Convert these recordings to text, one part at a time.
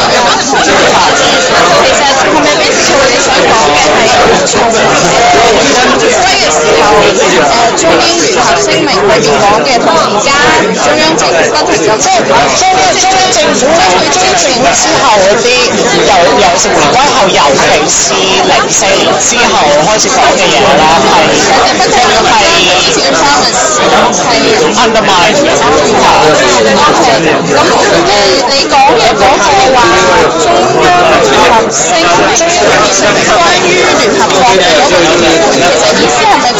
咁其實係咪邊時候你想講嘅係從回歸嘅時候誒中央聯合聲明係點講嘅？當而家中央政府不停就即係中中央政府即係去中正之後嗰啲有有回歸後，尤其是零四年之後開始講嘅嘢咧，係係係 undermine。咁誒，你講嘅嗰句話。中央聯合聲明，中央關於聯合國嘅嗰個議程，其實意思係咪？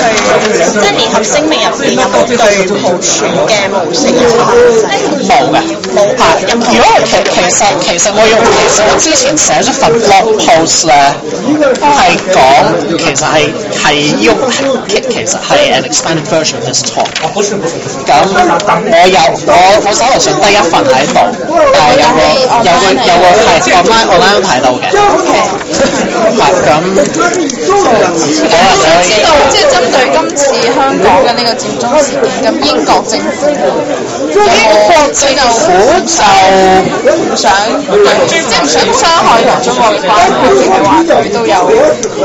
即係聯合聲明入邊一個對普選嘅模式冇、啊、嘅，冇、啊啊、如果其其實其實我用其實我之前寫咗份 blog post 咧，係講其實係係要其實係 an expanded version of this talk。咁我有我我手頭上得一份喺度，誒有個有個有個係我睇到嘅。係咁、okay. 啊嗯嗯，我係想知道。嗯就是對今次香港嘅呢個佔中事件，咁英國政府英國政府就唔想，即係唔想傷害同中國嘅關係，而係話佢都有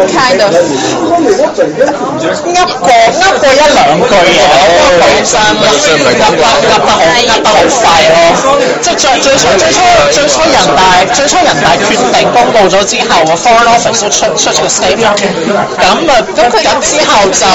kind of 一講一句一兩句嘢，我都講聲，噏得噏得好，噏得好快咯。即係最最初、最初、最初人大、最初人大決定公佈咗之後，Foreign Office 出出咗 statement，咁啊，咁佢咁之後就。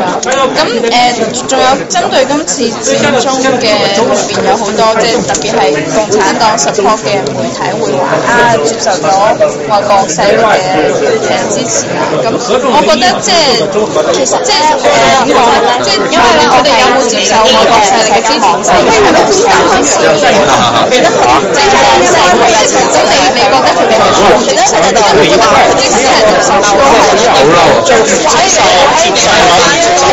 咁、啊、誒，仲有針對今次佔中嘅入邊有好多，即係特別係共產黨 support 嘅媒體會會啊，啊，接受咗外國勢力嘅支持啊。咁我覺得即係其實即係點講咧？即係因為咧、哦就是嗯啊嗯，我哋有冇接受外國勢力嘅支持？即係因為咧，即係曾經即美即跟住美國，美國先嚟到嘅嘛，即係先嚟到嘅時候，美國係已經好嬲，所以咧，即係。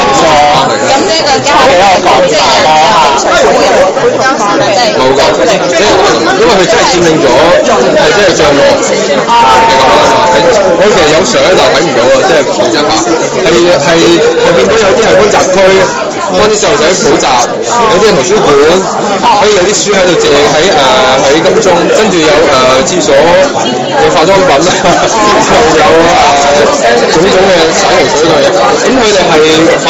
咁、啊、呢、啊、個傢伙真係幾好嘅，冇、啊、嘅，即、嗯、因為佢真係佔領咗，係、就是、真係障、啊啊、我其實有上一睇唔到喎，即係講真啊，係係係見到有啲係觀察區，啲細路仔補習、哦，有啲圖書館，可、哦、以、啊、有啲書喺度借喺誒喺金鐘，跟、呃、住、嗯、有誒廁所嘅化妝品，又、啊、 有誒、啊、種種嘅洗頭水類，咁佢哋係。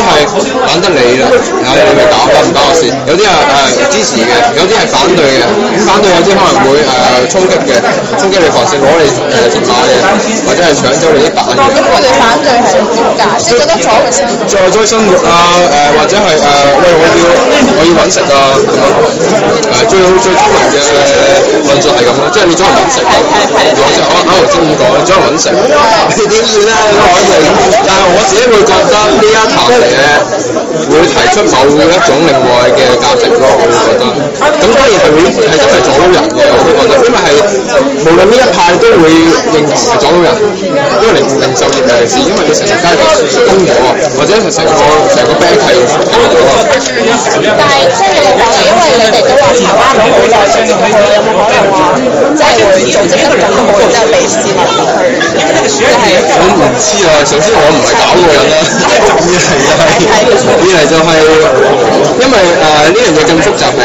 係懶得理你啦，睇你咪打。搞唔搞先。有啲啊誒支持嘅，有啲係反對嘅。咁反對有啲可能會誒衝擊嘅，衝、呃、擊你防線攞你誒電話嘅，或者係搶走你啲白。咁佢哋反對，係點解？你、覺得阻佢先。阻生活啊誒或者係誒。呃可以揾食啊咁樣，誒最最基本嘅論述係咁咯，即係你只係揾食，左只可能喺度中意講，只係揾食，你點算啊？揾食，但係我自己會覺得呢一派咧會提出某一種另外嘅價值咯，我會覺得。咁當然係會係真係阻到人嘅，我都覺得，因為係無論呢一派都會認同阻到人，因為零零售業人士，因為你成日街度食東火，或者成日食個成個 band 係。係，所以你講，因為你哋都話他們很他們說他們有查翻到好在，所以佢有冇可能話，即係會做啲咁嘅嘢，即係俾市民知佢。我唔知啊，首先我唔係搞嗰個人啦。咁嘅係就係，原嚟就係，因為誒呢樣嘢咁複雜，係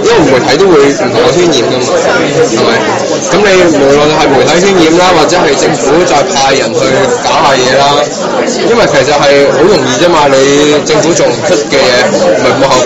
因為媒體都會唔同嘅渲染㗎嘛，係咪？咁你無論係媒體渲染啦，或者係政府再派人去搞下嘢啦，因為其實係好容易啫嘛，你政府做唔出嘅嘢，唔係冇後。